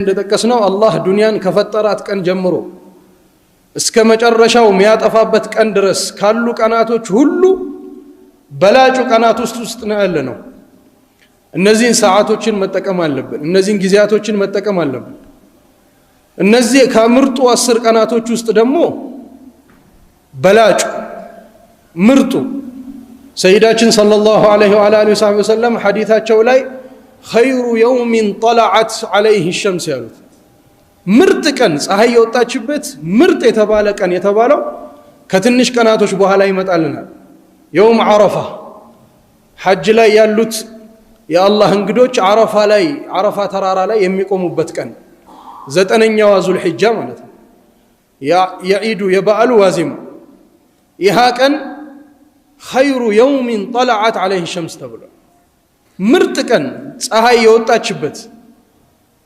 እንደጠቀስነው አላህ ዱንያን ከፈጠራት ቀን ጀምሮ እስከ መጨረሻው የሚያጠፋበት ቀን ድረስ ካሉ ቀናቶች ሁሉ በላጩ ቀናት ውስጥ ውስጥ ነው ያለ ነው። እነዚህን ሰዓቶችን መጠቀም አለብን። እነዚህን ጊዜያቶችን መጠቀም አለብን። እነዚህ ከምርጡ አስር ቀናቶች ውስጥ ደግሞ በላጩ ምርጡ ሰይዳችን ሰለላሁ ዐለይሂ ወአሊሂ ወሰለም ሐዲታቸው ላይ ኸይሩ የውሚን ጠላዓት ዐለይህ ሸምስ ያሉት ምርጥ ቀን ፀሐይ የወጣችበት ምርጥ የተባለ ቀን የተባለው ከትንሽ ቀናቶች በኋላ ይመጣልናል። የውም ዓረፋ ሐጅ ላይ ያሉት የአላህ እንግዶች ዓረፋ ላይ ዓረፋ ተራራ ላይ የሚቆሙበት ቀን ዘጠነኛዋ ዙልሒጃ ማለት ነው። የዒዱ የበዓሉ ዋዜማ ይሃ ቀን ኸይሩ የውሚን ጠለዐት ዐለይህ ሸምስ ተብሏል። ምርጥ ቀን ፀሐይ የወጣችበት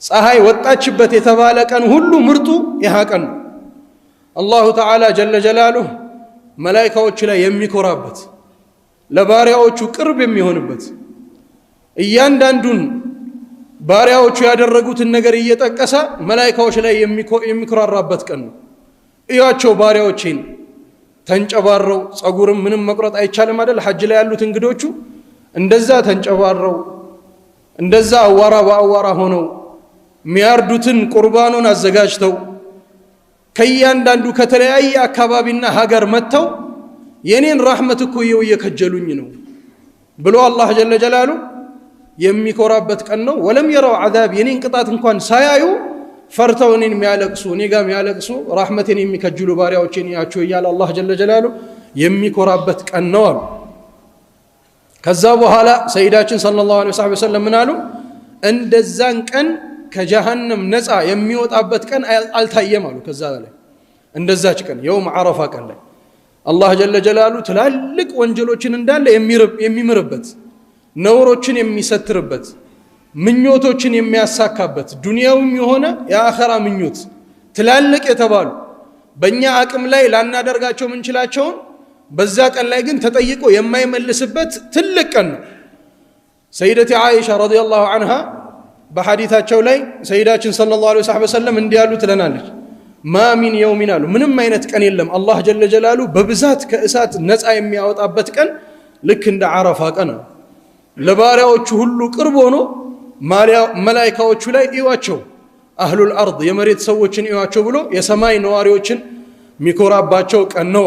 ፀሐይ ወጣችበት የተባለ ቀን ሁሉ ምርጡ ይህ ቀን ነው። አላሁ ተዓላ ጀለ ጀላሉህ መላይካዎች ላይ የሚኮራበት ለባሪያዎቹ ቅርብ የሚሆንበት እያንዳንዱን ባሪያዎቹ ያደረጉትን ነገር እየጠቀሰ መላይካዎች ላይ የሚኮራራበት ቀን ነው። እያቸው ባሪያዎቼን ተንጨባረው፣ ጸጉርም ምንም መቁረጥ አይቻልም አደል ሐጅ ላይ ያሉት እንግዶቹ እንደዛ ተንጨባረው እንደዛ አዋራ በአዋራ ሆነው የሚያርዱትን ቁርባኑን አዘጋጅተው ከእያንዳንዱ ከተለያየ አካባቢና ሀገር መጥተው የኔን ራህመት እኮ የው እየከጀሉኝ ነው ብሎ አላህ ጀለ ጀላሉ የሚኮራበት ቀን ነው። ወለም የረው ዓዛብ የኔን ቅጣት እንኳን ሳያዩ ፈርተው እኔን የሚያለቅሱ እኔ ጋር የሚያለቅሱ ራህመቴን የሚከጅሉ ባሪያዎችን ያቸው እያለ አላህ ጀለ ጀላሉ የሚኮራበት ቀን ነው አሉ። ከዛ በኋላ ሰይዳችን ሰለላሁ ዐለይሂ ወሰለም ምን አሉ? እንደዛን ቀን ከጀሃነም ነፃ የሚወጣበት ቀን አልታየም አሉ። ከዛ ላይ እንደዛች ቀን የውም ዓረፋ ቀን ላይ አላህ ጀለ ጀላሉ ትላልቅ ወንጀሎችን እንዳለ የሚምርበት፣ ነውሮችን የሚሰትርበት፣ ምኞቶችን የሚያሳካበት ዱንያውም የሆነ የአኸራ ምኞት ትላልቅ የተባሉ በእኛ አቅም ላይ ላናደርጋቸው ምንችላቸውን በዛ ቀን ላይ ግን ተጠይቆ የማይመልስበት ትልቅ ቀን ነው። ሰይደቲ አይሻ ረዲየላሁ አንሃ በሐዲታቸው ላይ ሰይዳችን ሰለላሁ ዐለይሂ ወሰለም እንዲህ ያሉ ትለናለች። ማ ሚን የውሚን አሉ ምንም አይነት ቀን የለም አላህ ጀለ ጀላሉ በብዛት ከእሳት ነፃ የሚያወጣበት ቀን ልክ እንደ አረፋ ቀን ነው። ለባሪያዎቹ ሁሉ ቅርብ ሆኖ መላይካዎቹ ላይ እዩዋቸው፣ አህሉል አርድ የመሬት ሰዎችን እዩዋቸው ብሎ የሰማይ ነዋሪዎችን የሚኮራባቸው ቀን ነው።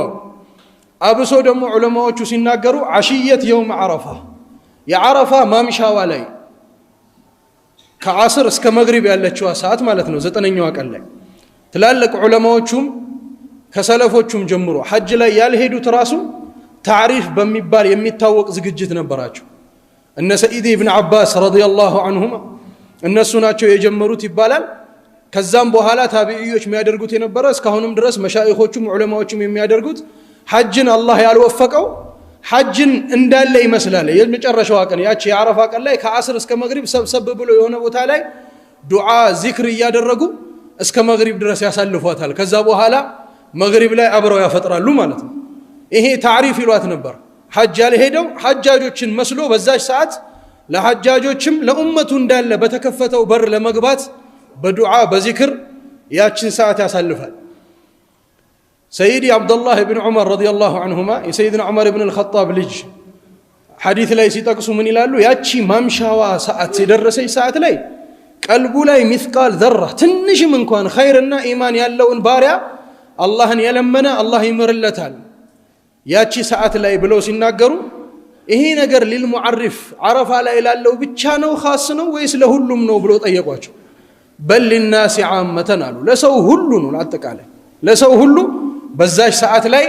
አብሶ ደግሞ ዑለማዎቹ ሲናገሩ አሽየት የውም ዓረፋ የዓረፋ ማምሻዋ ላይ ከአስር እስከ መግሪብ ያለችዋ ሰዓት ማለት ነው። ዘጠነኛዋ ቀን ላይ ትላልቅ ዑለማዎቹም ከሰለፎቹም ጀምሮ ሐጅ ላይ ያልሄዱት ራሱ ታሪፍ በሚባል የሚታወቅ ዝግጅት ነበራቸው። እነ ሰኢድ ብን ዓባስ ረዲየላሁ አንሁማ እነሱ ናቸው የጀመሩት ይባላል። ከዛም በኋላ ታቢዕዮች የሚያደርጉት የነበረ እስካሁንም ድረስ መሻይኾቹም ዑለማዎቹም የሚያደርጉት ሐጅን አላህ ያልወፈቀው ሐጅን እንዳለ ይመስላል። የመጨረሻዋ ቀን ያቺ የአረፋ ቀን ላይ ከአስር እስከ መግሪብ ሰብሰብ ብሎ የሆነ ቦታ ላይ ዱዓ ዚክር እያደረጉ እስከ መግሪብ ድረስ ያሳልፏታል። ከዛ በኋላ መግሪብ ላይ አብረው ያፈጥራሉ ማለት ነው። ይሄ ታሪፍ ይሏት ነበር። ሐጅ ያልሄደው ሐጃጆችን መስሎ በዛች ሰዓት ለሐጃጆችም ለኡመቱ እንዳለ በተከፈተው በር ለመግባት በዱዓ በዚክር ያችን ሰዓት ያሳልፋል። ሰይድ አብደላህ ብን ዑመር ረዲየላሁ አንሁማ የሰይድና ዑመር ብን አልኸጣብ ልጅ ሐዲት ላይ ሲጠቅሱ ምን ይላሉ? ያቺ ማምሻዋ ሰዓት የደረሰች ሰዓት ላይ ቀልቡ ላይ ሚስቃል ዘራ ትንሽም እንኳን ኸይርና ኢማን ያለውን ባሪያ አላህን የለመነ አላህ ይምርለታል ያቺ ሰዓት ላይ ብለው ሲናገሩ ይሄ ነገር ሊልሙዓሪፍ ዓረፋ ላይ ላለው ብቻ ነው ኻስ ነው ወይስ ለሁሉም ነው ብሎ ጠየቋቸው። በል ሊናሲ ዓመተን አሉ። ለሰው ሁሉ ነው፣ አጠቃላይ ለሰው ሁሉ በዛች ሰዓት ላይ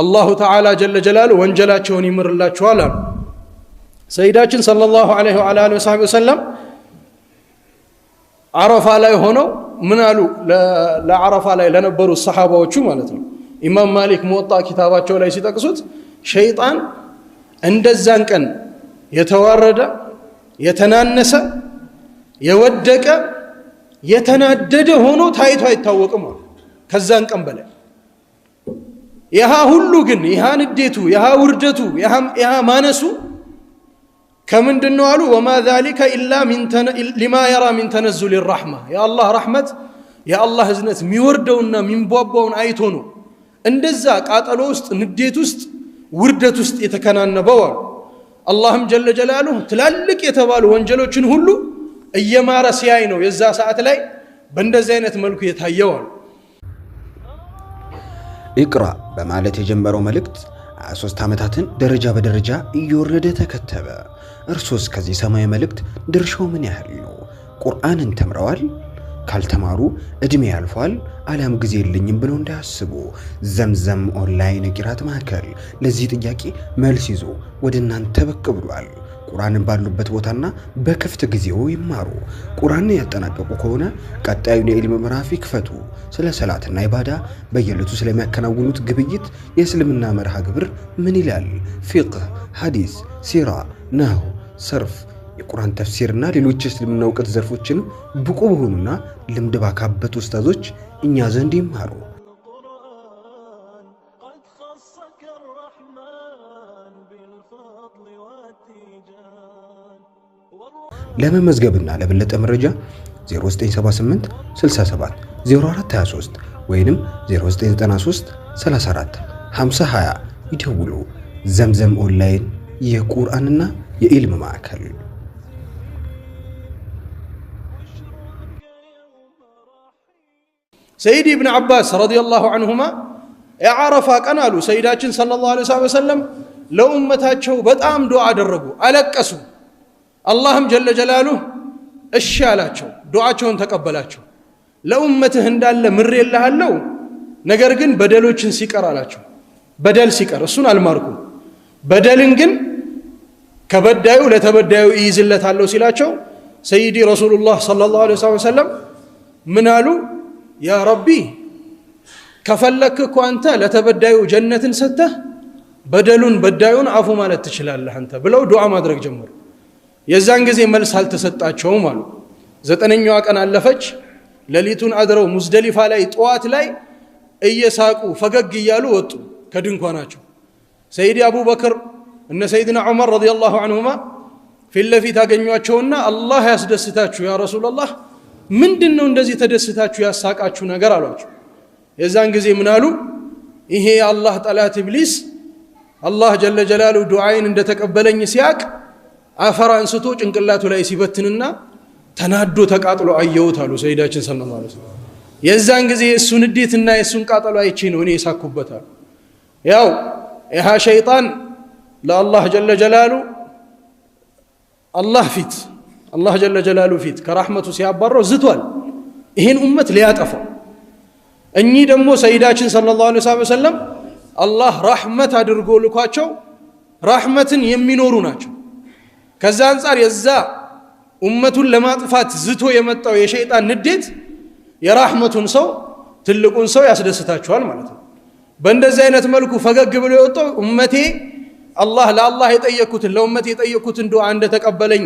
አላሁ ተዓላ ጀለ ጀላሉ ወንጀላቸውን ይምርላቸዋል አሉ። ሰይዳችን ሰለላሁ ዐለይሂ ወአሊሂ ወሰለም አረፋ ላይ ሆነው ምን አሉ? ለአረፋ ላይ ለነበሩ ሰሓባዎቹ ማለት ነው። ኢማም ማሊክ መወጣ ኪታባቸው ላይ ሲጠቅሱት ሸይጣን እንደዛን ቀን የተዋረደ የተናነሰ የወደቀ የተናደደ ሆኖ ታይቶ አይታወቅም አሉ። ከዛን ቀን በላይ ይሃ ሁሉ ግን ይሃ ንዴቱ፣ ይሃ ውርደቱ፣ ይሃ ማነሱ ከምንድን ነው አሉ ወማ ዛሊከ ኢላ ሊማ የራ ሚን ተነዙል ራሕማ የአላህ ራሕመት የአላህ እዝነት የሚወርደውና የሚንቧቧውን አይቶ ነው እንደዛ ቃጠሎ ውስጥ ንዴት ውስጥ ውርደት ውስጥ የተከናነበው አሉ። አላህም ጀለ ጀላሉሁ ትላልቅ የተባሉ ወንጀሎችን ሁሉ እየማረ ሲያይ ነው የዛ ሰዓት ላይ በእንደዚህ አይነት መልኩ የታየው አሉ። ይቅራ በማለት የጀመረው መልእክት 23 ዓመታትን ደረጃ በደረጃ እየወረደ ተከተበ። እርሶስ ከዚህ ሰማያዊ መልእክት ድርሻው ምን ያህል ነው? ቁርአንን ተምረዋል? ካልተማሩ እድሜ ያልፏል አሊያም ጊዜ የለኝም ብለው እንዳያስቡ፣ ዘምዘም ኦንላይን ቂራት ማዕከል ለዚህ ጥያቄ መልስ ይዞ ወደ እናንተ ብቅ ብሏል። ቁርአን ባሉበት ቦታና በክፍት ጊዜው ይማሩ። ቁርአን ያጠናቀቁ ከሆነ ቀጣዩን የዕልም ምዕራፍ ይክፈቱ። ስለ ሰላትና ኢባዳ፣ በየዕለቱ ስለሚያከናውኑት ግብይት፣ የእስልምና መርሃ ግብር ምን ይላል፣ ፊቅህ፣ ሐዲስ፣ ሲራ፣ ናህው፣ ሰርፍ፣ የቁርአን ተፍሲርና ሌሎች የእስልምና እውቀት ዘርፎችን ብቁ በሆኑና ልምድ ባካበት ኡስታዞች እኛ ዘንድ ይማሩ። ለመመዝገብና ለበለጠ መረጃ 0978 67 0423 ወይም 0993 34 5020 ይደውሉ። ዘምዘም ኦንላይን የቁርአንና የኢልም ማዕከል ሰይድ ኢብን አባስ ረዲየላሁ አንሁማ የዓረፋ ቀን አሉ ሰይዳችን ሰለላሁ ዐለይሂ ወሰለም ለኡመታቸው በጣም ዱዓ አደረጉ፣ አለቀሱ። አላህም ጀለ ጀላሉህ እሺ አላቸው፣ ዱዓቸውን ተቀበላቸው። ለኡመትህ እንዳለ ምሬልሃለሁ፣ ነገር ግን በደሎችን ሲቀር አላቸው። በደል ሲቀር እሱን አልማርኩም፣ በደልን ግን ከበዳዩ ለተበዳዩ እይዝለታለሁ ሲላቸው ሰይዲ ረሱሉላህ ሰለላሁ ዐለይሂ ወሰለም ምን አሉ? ያ ረቢ ከፈለክ እኮ አንተ ለተበዳዩ ጀነትን ሰጥተህ በደሉን በዳዩን አፉ ማለት ትችላለህ አንተ ብለው ዱዓ ማድረግ ጀመሩ። የዛን ጊዜ መልስ አልተሰጣቸውም አሉ። ዘጠነኛዋ ቀን አለፈች። ሌሊቱን አድረው ሙዝደሊፋ ላይ ጠዋት ላይ እየሳቁ ፈገግ እያሉ ወጡ ከድንኳናቸው። ሰይድ አቡበክር እነ ሰይድና ዑመር ረዲየላሁ አንሁማ ፊት ለፊት አገኟቸውና አላህ ያስደስታችሁ ያ ረሱላላህ፣ ምንድን ነው እንደዚህ ተደስታችሁ ያሳቃችሁ ነገር አሏቸው። የዛን ጊዜ ምን አሉ? ይሄ የአላህ ጠላት ኢብሊስ አላህ ጀለ ጀላሉ ዱዓይን እንደተቀበለኝ ሲያቅ አፈር አንስቶ ጭንቅላቱ ላይ ሲበትንና ተናዶ ተቃጥሎ አየሁት አሉ ሰይዳችን ሰለላሁ ዐለይሂ ወሰለም። የዛን ጊዜ የእሱን ንዴትና የእሱን ቃጠሎ አይቼ ነው እኔ የሳኩበታል። ያው ይሃ ሸይጣን ለአላህ ጀለ ጀላሉ አላህ ፊት አላህ ጀለ ጀላሉ ፊት ከራህመቱ ሲያባረው ዝቷል፣ ይህን ኡመት ሊያጠፋው። እኚህ ደግሞ ሰይዳችን ሰለላሁ ዐለይሂ ወሰለም አላህ ራህመት አድርጎ ልኳቸው ራህመትን የሚኖሩ ናቸው። ከዛ አንጻር የዛ ኡመቱን ለማጥፋት ዝቶ የመጣው የሸይጣን ንዴት የራህመቱን ሰው ትልቁን ሰው ያስደስታችኋል ማለት ነው። በእንደዚህ አይነት መልኩ ፈገግ ብሎ የወጣው ኡመቴ አላህ ለአላህ የጠየቅኩትን ለኡመቴ የጠየቅኩትን ዱዓ እንደተቀበለኝ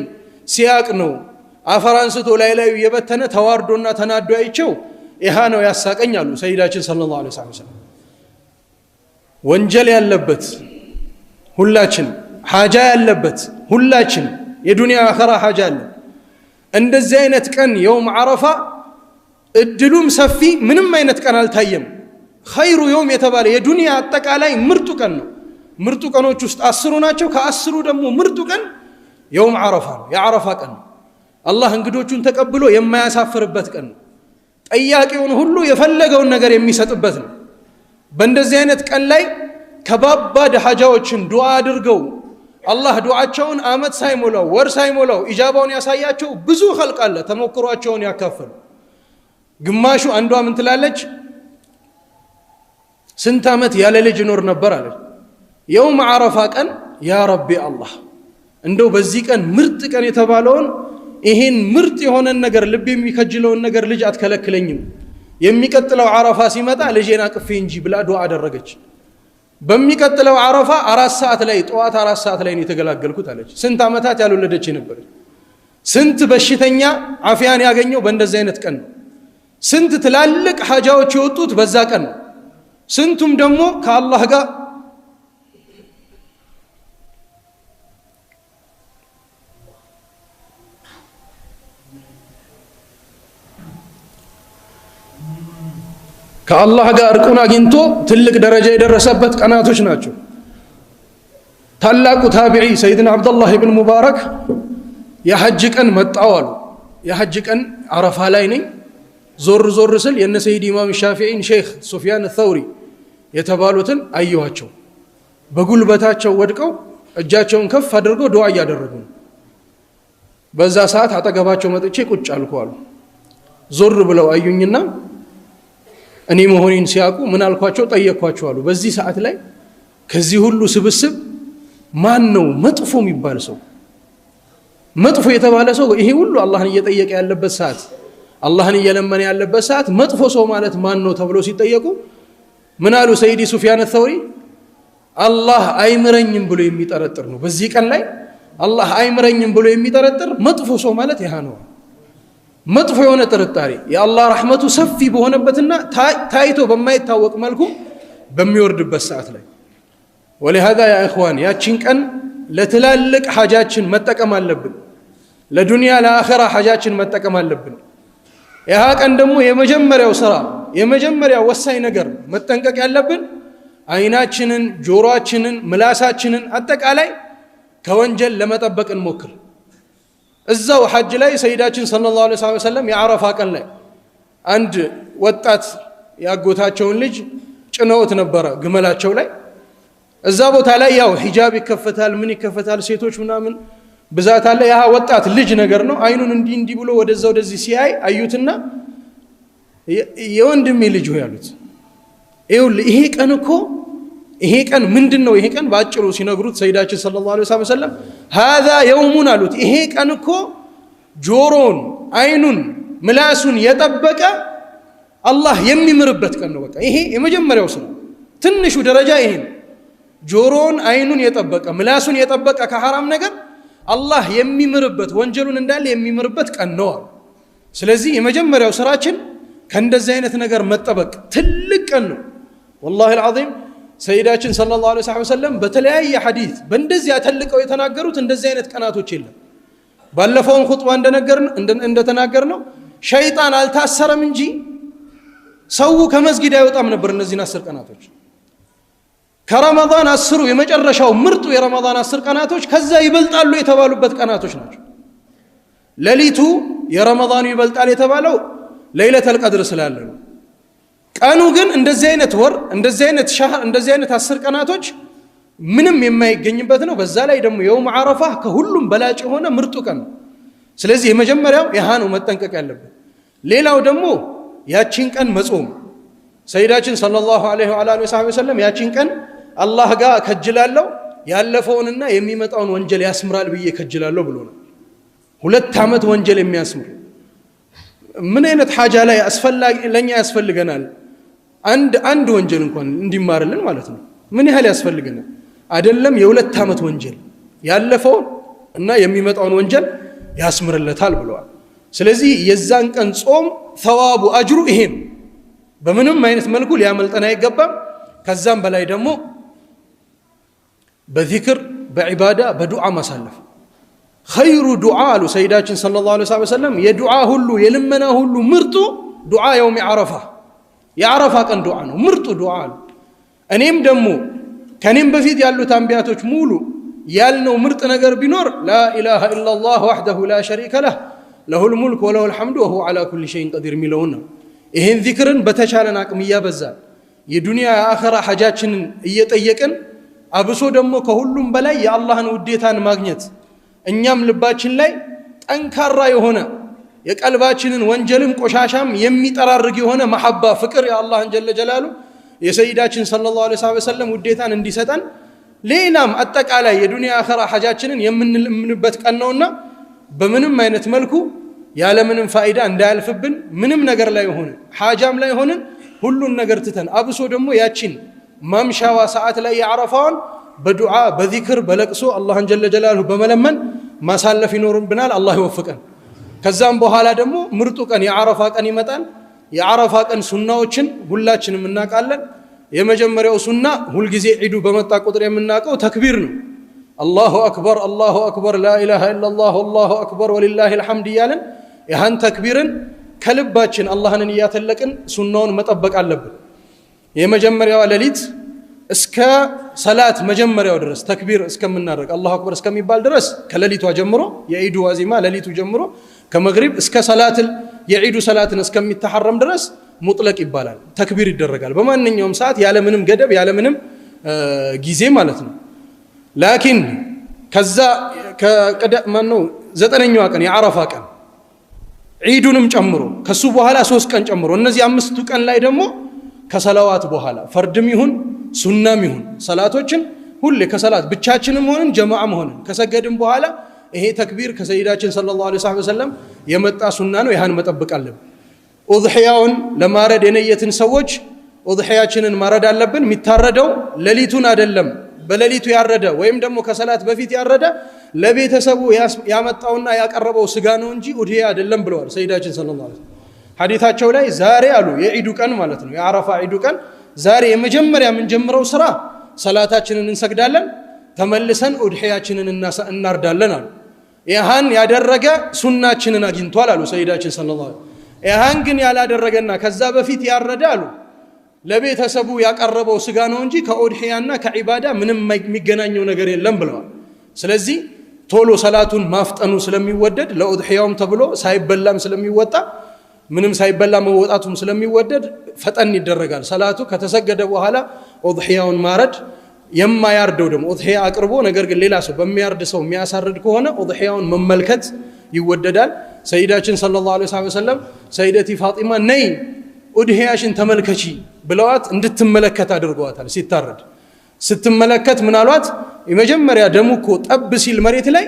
ሲያቅ ነው። አፈር አንስቶ ላይ ላዩ የበተነ ተዋርዶና ተናዶ አይቸው ይሃ ነው ያሳቀኝ አሉ ሰይዳችን ሰለላሁ ዐለይሂ ወሰለም። ወንጀል ያለበት ሁላችን ሓጃ ያለበት ሁላችን የዱንያ አኸራ ሓጃ አለ። እንደዚህ አይነት ቀን የውም ዓረፋ እድሉም ሰፊ ምንም አይነት ቀን አልታየም። ኸይሩ የውም የተባለ የዱንያ አጠቃላይ ምርጡ ቀን ነው። ምርጡ ቀኖች ውስጥ አስሩ ናቸው። ከአስሩ ደግሞ ምርጡ ቀን የውም ዓረፋ ነው፣ የዓረፋ ቀን ነው። አላህ እንግዶቹን ተቀብሎ የማያሳፍርበት ቀን ነው። ጠያቂውን ሁሉ የፈለገውን ነገር የሚሰጥበት ነው። በእንደዚህ አይነት ቀን ላይ ከባባድ ሀጃዎችን ዱዓ አድርገው አላህ ዱዓቸውን አመት ሳይሞላው ወር ሳይሞላው ኢጃባውን ያሳያቸው ብዙ ኸልቅ አለ። ተሞክሯቸውን ያካፈሉ ግማሹ አንዷ ምን ትላለች? ስንት ዓመት ያለ ልጅ እኖር ነበር አለች። የውም ዓረፋ ቀን ያ ረቢ አላህ እንደው በዚህ ቀን ምርጥ ቀን የተባለውን ይሄን ምርጥ የሆነን ነገር ልብ የሚከጅለውን ነገር ልጅ አትከለክለኝም፣ የሚቀጥለው ዓረፋ ሲመጣ ልጄን አቅፌ እንጂ ብላ ዱዓ አደረገች። በሚቀጥለው አረፋ አራት ሰዓት ላይ ጠዋት አራት ሰዓት ላይ ነው የተገላገልኩት አለች። ስንት ዓመታት ያልወለደች የነበረች ስንት በሽተኛ አፍያን ያገኘው በእንደዚህ አይነት ቀን ነው። ስንት ትላልቅ ሀጃዎች የወጡት በዛ ቀን ነው። ስንቱም ደግሞ ከአላህ ጋር ከአላህ ጋር እርቁን አግኝቶ ትልቅ ደረጃ የደረሰበት ቀናቶች ናቸው። ታላቁ ታቢዒ ሰይድና አብደላህ ብን ሙባረክ የሐጅ ቀን መጣው አሉ። የሐጅ ቀን አረፋ ላይ ነኝ። ዞር ዞር ስል የነ ሰይድ ኢማም ሻፊዒን ሼክ ሱፊያን ተውሪ የተባሉትን አየኋቸው። በጉልበታቸው ወድቀው እጃቸውን ከፍ አድርገው ዱዓ እያደረጉ ነው። በዛ ሰዓት አጠገባቸው መጥቼ ቁጭ አልኩ አሉ። ዞር ብለው አዩኝና እኔ መሆኔን ሲያውቁ ምን አልኳቸው? ጠየቅኳቸው አሉ። በዚህ ሰዓት ላይ ከዚህ ሁሉ ስብስብ ማን ነው መጥፎ የሚባል ሰው? መጥፎ የተባለ ሰው ይሄ ሁሉ አላህን እየጠየቀ ያለበት ሰዓት፣ አላህን እየለመነ ያለበት ሰዓት መጥፎ ሰው ማለት ማን ነው ተብሎ ሲጠየቁ ምን አሉ? ሰይዲ ሱፊያን ተውሪ አላህ አይምረኝም ብሎ የሚጠረጥር ነው። በዚህ ቀን ላይ አላህ አይምረኝም ብሎ የሚጠረጥር መጥፎ ሰው ማለት ይሃ ነው። መጥፎ የሆነ ጥርጣሬ የአላህ ረሕመቱ ሰፊ በሆነበትና ታይቶ በማይታወቅ መልኩ በሚወርድበት ሰዓት ላይ ወሊሃዛ ያ እኽዋን ያቺን ቀን ለትላልቅ ሓጃችን መጠቀም አለብን። ለዱንያ ለአኸራ ሓጃችን መጠቀም አለብን። ይህ ቀን ደግሞ የመጀመሪያው ስራ የመጀመሪያ ወሳኝ ነገር መጠንቀቅ ያለብን አይናችንን፣ ጆሮአችንን፣ ምላሳችንን አጠቃላይ ከወንጀል ለመጠበቅ እንሞክር። እዛው ሐጅ ላይ ሰይዳችን ሰለላሁ ዐለይሂ ወሰለም የአረፋ ቀን ላይ አንድ ወጣት ያጎታቸውን ልጅ ጭነውት ነበረ ግመላቸው ላይ። እዛ ቦታ ላይ ያው ሂጃብ ይከፈታል፣ ምን ይከፈታል፣ ሴቶች ምናምን ብዛት አለ። ያ ወጣት ልጅ ነገር ነው። አይኑን እንዲህ እንዲህ ብሎ ወደዛ ወደዚህ ሲያይ አዩትና የወንድሜ ልጅ ያሉት አሉት፣ ይሄ ቀን እኮ ይሄ ቀን ምንድን ነው? ይሄ ቀን በአጭሩ ሲነግሩት ሰይዳችን ሰለላሁ ዐለይሂ ወሰለም ሃዛ የውሙን አሉት። ይሄ ቀን እኮ ጆሮን፣ አይኑን፣ ምላሱን የጠበቀ አላህ የሚምርበት ቀን ነው። በቃ ይሄ የመጀመሪያው ስራ ትንሹ ደረጃ ይሄ ነው። ጆሮን፣ አይኑን የጠበቀ ምላሱን የጠበቀ ከሐራም ነገር አላህ የሚምርበት ወንጀሉን እንዳለ የሚምርበት ቀን ነው። ስለዚህ የመጀመሪያው ስራችን ከእንደዚህ አይነት ነገር መጠበቅ ትልቅ ቀን ነው ወላሂል ዐዚም ሰይዳችን ሰለላሁ ዐለይሂ ወሰለም በተለያየ ሐዲት በእንደዚህ አተልቀው የተናገሩት እንደዚህ አይነት ቀናቶች የለም። ባለፈውን ኹጥባ እንደተናገር ነው ሸይጣን አልታሰረም እንጂ ሰው ከመስጊድ አይወጣም ነበር። እነዚህን አስር ቀናቶች ከረመዳን አስሩ የመጨረሻው ምርጡ የረመዳን አስር ቀናቶች ከዛ ይበልጣሉ የተባሉበት ቀናቶች ናቸው። ሌሊቱ የረመዳኑ ይበልጣል የተባለው ለይለተል ቀድር ስላለ ነው። ቀኑ ግን እንደዚህ አይነት ወር እንደዚህ አይነት ሻህ እንደዚህ አይነት አስር ቀናቶች ምንም የማይገኝበት ነው። በዛ ላይ ደግሞ የውም አረፋ ከሁሉም በላጭ የሆነ ምርጡ ቀን ስለዚህ የመጀመሪያው ይሃ ነው መጠንቀቅ ያለብን። ሌላው ደግሞ ያቺን ቀን መጾም ሰይዳችን ሰለላሁ ዐለይሂ ወሰለም ያቺን ቀን አላህ ጋር ከጅላለው ያለፈውንና የሚመጣውን ወንጀል ያስምራል ብዬ ከጅላለሁ ብሎ ነው። ሁለት ዓመት ወንጀል የሚያስምር ምን አይነት ሓጃ ላይ ለእኛ ያስፈልገናል? አንድ አንድ ወንጀል እንኳን እንዲማርልን ማለት ነው ምን ያህል ያስፈልገናል? አይደለም የሁለት ዓመት ወንጀል ያለፈውን እና የሚመጣውን ወንጀል ያስምርለታል ብለዋል። ስለዚህ የዛን ቀን ጾም ተዋቡ አጅሩ ይሄ ነው። በምንም አይነት መልኩ ሊያመልጠን አይገባም። ከዛም በላይ ደግሞ በዚክር በዒባዳ በዱዓ ማሳለፍ ኸይሩ ዱዓ አሉ ሰይዳችን ሰለላሁ ዐለይሂ ወሰለም የዱዓ ሁሉ የልመና ሁሉ ምርጡ ዱዓ የውም ዓረፋ የአረፋ ቀን ዱዓ ነው። ምርጡ ዱዓ ነው። እኔም ደግሞ ከኔም በፊት ያሉት አንቢያቶች ሙሉ ያልነው ምርጥ ነገር ቢኖር ላኢላሃ ኢላላህ ወሕደሁ ላ ሸሪከ ለህ ለሁል ሙልክ ወለሁል ሐምዱ ወሁ ዓላ ኩሊ ሸይን ቀዲር የሚለውን ነው። ይህን ዚክርን በተቻለን አቅም እያበዛ የዱንያ የአኸራ ሐጃችንን እየጠየቅን አብሶ ደግሞ ከሁሉም በላይ የአላህን ውዴታን ማግኘት እኛም ልባችን ላይ ጠንካራ የሆነ የቀልባችንን ወንጀልም ቆሻሻም የሚጠራርግ የሆነ መሐባ ፍቅር የአላህን ጀለ ጀላሉ የሰይዳችን ሰለላሁ ዐለይሂ ወሰለም ውዴታን እንዲሰጠን ሌላም አጠቃላይ የዱንያ አኸራ ሐጃችንን የምንለምንበት ቀን ነውና በምንም አይነት መልኩ ያለምንም ፋይዳ እንዳያልፍብን ምንም ነገር ላይ ሆንን ሐጃም ላይ ሆንን ሁሉን ነገር ትተን አብሶ ደግሞ ያቺን ማምሻዋ ሰዓት ላይ የአረፋዋን በዱዓ በዚክር በለቅሶ አላህን ጀለ ጀላሉ በመለመን ማሳለፍ ይኖርብናል። አላህ ይወፍቀን። ከዛም በኋላ ደግሞ ምርጡ ቀን የአረፋ ቀን ይመጣል። የአረፋ ቀን ሱናዎችን ሁላችንም እናውቃለን። የመጀመሪያው ሱና ሁልጊዜ ዒዱ በመጣ ቁጥር የምናውቀው ተክቢር ነው። አላሁ አክበር፣ አላሁ አክበር፣ ላኢላሃ ኢለላሁ፣ አላሁ አክበር ወሊላሂ ልሐምድ እያለን ይህን ተክቢርን ከልባችን አላህንን እያተለቅን ሱናውን መጠበቅ አለብን። የመጀመሪያዋ ሌሊት እስከ ሰላት መጀመሪያው ድረስ ተክቢር እስከምናደርግ አላሁ አክበር እስከሚባል ድረስ ከሌሊቷ ጀምሮ የዒዱ ዋዜማ ሌሊቱ ጀምሮ ከመግሪብ እስከ ሰላትል የዒዱ ሰላትን እስከሚተሐረም ድረስ ሙጥለቅ ይባላል። ተክቢር ይደረጋል በማንኛውም ሰዓት ያለምንም ገደብ ያለምንም ጊዜ ማለት ነው። ላኪን ከዛ ማነው ዘጠነኛዋ ቀን የዓረፋ ቀን ዒዱንም ጨምሮ ከሱ በኋላ ሶስት ቀን ጨምሮ እነዚህ አምስቱ ቀን ላይ ደግሞ ከሰላዋት በኋላ ፈርድም ይሁን ሱናም ይሁን ሰላቶችን ሁሌ ከሰላት ብቻችንም ሆንን ጀማዓም ሆንን ከሰገድም በኋላ ይሄ ተክቢር ከሰይዳችን ሰለላሁ ዐለይሂ ወሰለም የመጣ ሱና ነው። ይህን መጠበቅ አለብን። ኡድሕያውን ለማረድ የነየትን ሰዎች ኡድሕያችንን ማረድ አለብን። የሚታረደው ሌሊቱን አይደለም። በሌሊቱ ያረደ ወይም ደግሞ ከሰላት በፊት ያረደ ለቤተሰቡ ያመጣውና ያቀረበው ስጋ ነው እንጂ ኡድሕያ አይደለም ብለዋል ሰይዳችን ሰለላሁ ዐለይሂ ወሰለም ሐዲታቸው ላይ ዛሬ አሉ። የዒዱ ቀን ማለት ነው፣ የአረፋ ዒዱ ቀን ዛሬ የመጀመሪያ የምንጀምረው ስራ ሰላታችንን እንሰግዳለን፣ ተመልሰን ኡድሕያችንን እናርዳለን አሉ። ይህን ያደረገ ሱናችንን አግኝቷል አሉ ሰይዳችን ሰለላሁ ዐለይሂ ይህን ግን ያላደረገና ከዛ በፊት ያረደ አሉ ለቤተሰቡ ያቀረበው ስጋ ነው እንጂ ከኡድሒያና ከዒባዳ ምንም የሚገናኘው ነገር የለም ብለዋል። ስለዚህ ቶሎ ሰላቱን ማፍጠኑ ስለሚወደድ ለኡድሒያውም ተብሎ ሳይበላም ስለሚወጣ ምንም ሳይበላ መወጣቱም ስለሚወደድ ፈጠን ይደረጋል። ሰላቱ ከተሰገደ በኋላ ኡድሒያውን ማረድ የማያርደው ደግሞ ኡድሒያ አቅርቦ ነገር ግን ሌላ ሰው በሚያርድ ሰው የሚያሳርድ ከሆነ ኡድሒያውን መመልከት ይወደዳል። ሰይዳችን ሰለላሁ ዐለይሂ ወሰለም ሰይደቲ ፋጢማ ነይ ኡድሒያሽን ተመልከቺ ብለዋት እንድትመለከት አድርገዋታል። ሲታረድ ስትመለከት ምናሏት የመጀመሪያ ደሙ እኮ ጠብ ሲል መሬት ላይ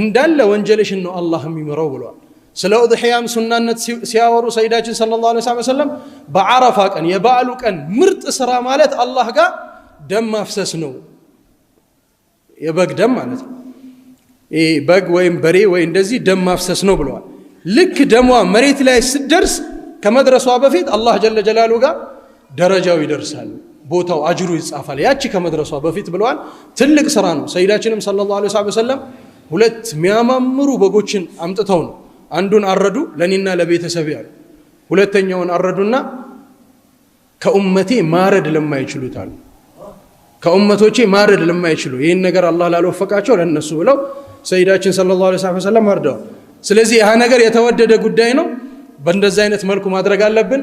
እንዳለ ወንጀልሽን ነው አላህ የሚምረው ብለዋል። ስለ ኡድሒያም ሱናነት ሲያወሩ ሰይዳችን ሰለላሁ ዐለይሂ ወሰለም በዓረፋ ቀን የበዓሉ ቀን ምርጥ ስራ ማለት አላህ ጋር ደም ማፍሰስ ነው። የበግ ደም ማለት ነው። በግ ወይም በሬ ወይ እንደዚህ ደም ማፍሰስ ነው ብለዋል። ልክ ደሟ መሬት ላይ ስትደርስ ከመድረሷ በፊት አላህ ጀለ ጀላሉ ጋር ደረጃው ይደርሳል፣ ቦታው አጅሩ ይጻፋል። ያቺ ከመድረሷ በፊት ብለዋል። ትልቅ ስራ ነው። ሰይዳችንም ሰለላሁ ዐለይሂ ወሰለም ሁለት የሚያማምሩ በጎችን አምጥተው ነው አንዱን አረዱ ለእኔና ለቤተሰብ ያሉ፣ ሁለተኛውን አረዱና ከኡመቴ ማረድ ለማይችሉት አሉ ከኡመቶቼ ማረድ ለማይችሉ ይህን ነገር አላህ ላልወፈቃቸው ለነሱ ብለው ሰይዳችን ሰለላሁ ዐለይሂ ወሰለም አርደዋል። ስለዚህ ያ ነገር የተወደደ ጉዳይ ነው። በእንደዚህ አይነት መልኩ ማድረግ አለብን።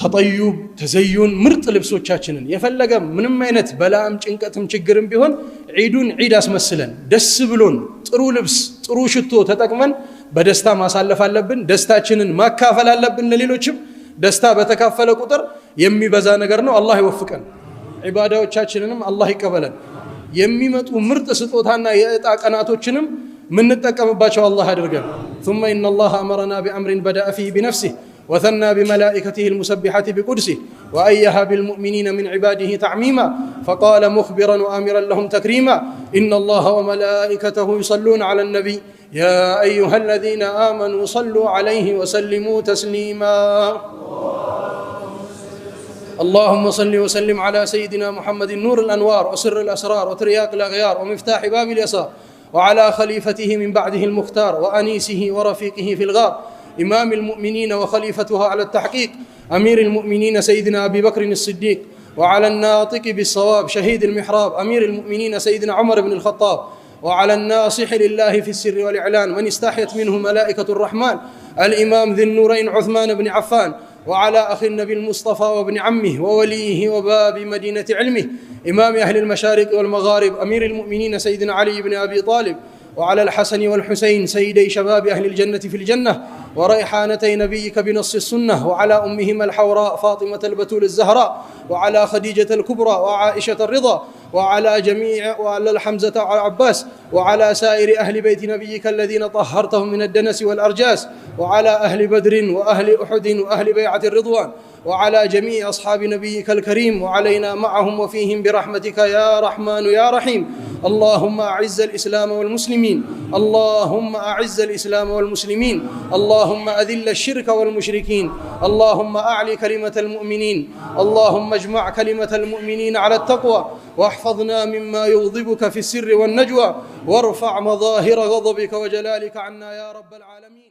ተጠዩብ ተዘዩን፣ ምርጥ ልብሶቻችንን የፈለገ ምንም አይነት በላም ጭንቀትም ችግርም ቢሆን ዒዱን ዒድ አስመስለን ደስ ብሎን ጥሩ ልብስ ጥሩ ሽቶ ተጠቅመን በደስታ ማሳለፍ አለብን። ደስታችንን ማካፈል አለብን ለሌሎችም። ደስታ በተካፈለ ቁጥር የሚበዛ ነገር ነው። አላህ ይወፍቀን። عباداتنا الله يقبلنا يميمت ومرت سطوتنا يا قناتوچንም ምንጠቀምባቸው አላህ አድርገን ثم ان الله امرنا بامر بدا فيه بنفسه وثنى بملائكته المسبحة بقدسه وأيها بالمؤمنين من عباده تعميما فقال مخبرا وآمرا لهم تكريما إن الله وملائكته يصلون على النبي يا أيها الذين آمنوا صلوا عليه وسلموا تسليما اللهم صل وسلم على سيدنا محمد نور الأنوار وسر الأسرار وترياق الأغيار ومفتاح باب اليسار وعلى خليفته من بعده المختار وأنيسه ورفيقه في الغار إمام المؤمنين وخليفتها على التحقيق أمير المؤمنين سيدنا أبي بكر الصديق وعلى الناطق بالصواب شهيد المحراب أمير المؤمنين سيدنا عمر بن الخطاب وعلى الناصح لله في السر والإعلان من استحيت منه ملائكة الرحمن الإمام ذي النورين عثمان بن عفان وعلى أخي النبي المصطفى وابن عمه ووليه وباب مدينة علمه إمام أهل المشارق والمغارب أمير المؤمنين سيدنا علي بن أبي طالب وعلى الحسن والحسين سيدي شباب أهل الجنة في الجنة وريحانتي نبيك بنص السنة وعلى أمهما الحوراء فاطمة البتول الزهراء وعلى خديجة الكبرى وعائشة الرضا وعلى جميع وعلى الحمزة وعلى عباس وعلى سائر أهل بيت نبيك الذين طهرتهم من الدنس والأرجاس وعلى أهل بدر وأهل أحد وأهل بيعة الرضوان وعلى جميع أصحاب نبيك الكريم وعلينا معهم وفيهم برحمتك يا رحمن يا رحيم اللهم أعز الإسلام والمسلمين اللهم أعز الإسلام والمسلمين اللهم أذل الشرك والمشركين اللهم أعلي كلمة المؤمنين اللهم اجمع كلمة المؤمنين على التقوى واحفظنا مما يغضبك في السر والنجوى وارفع مظاهر غضبك وجلالك عنا يا رب العالمين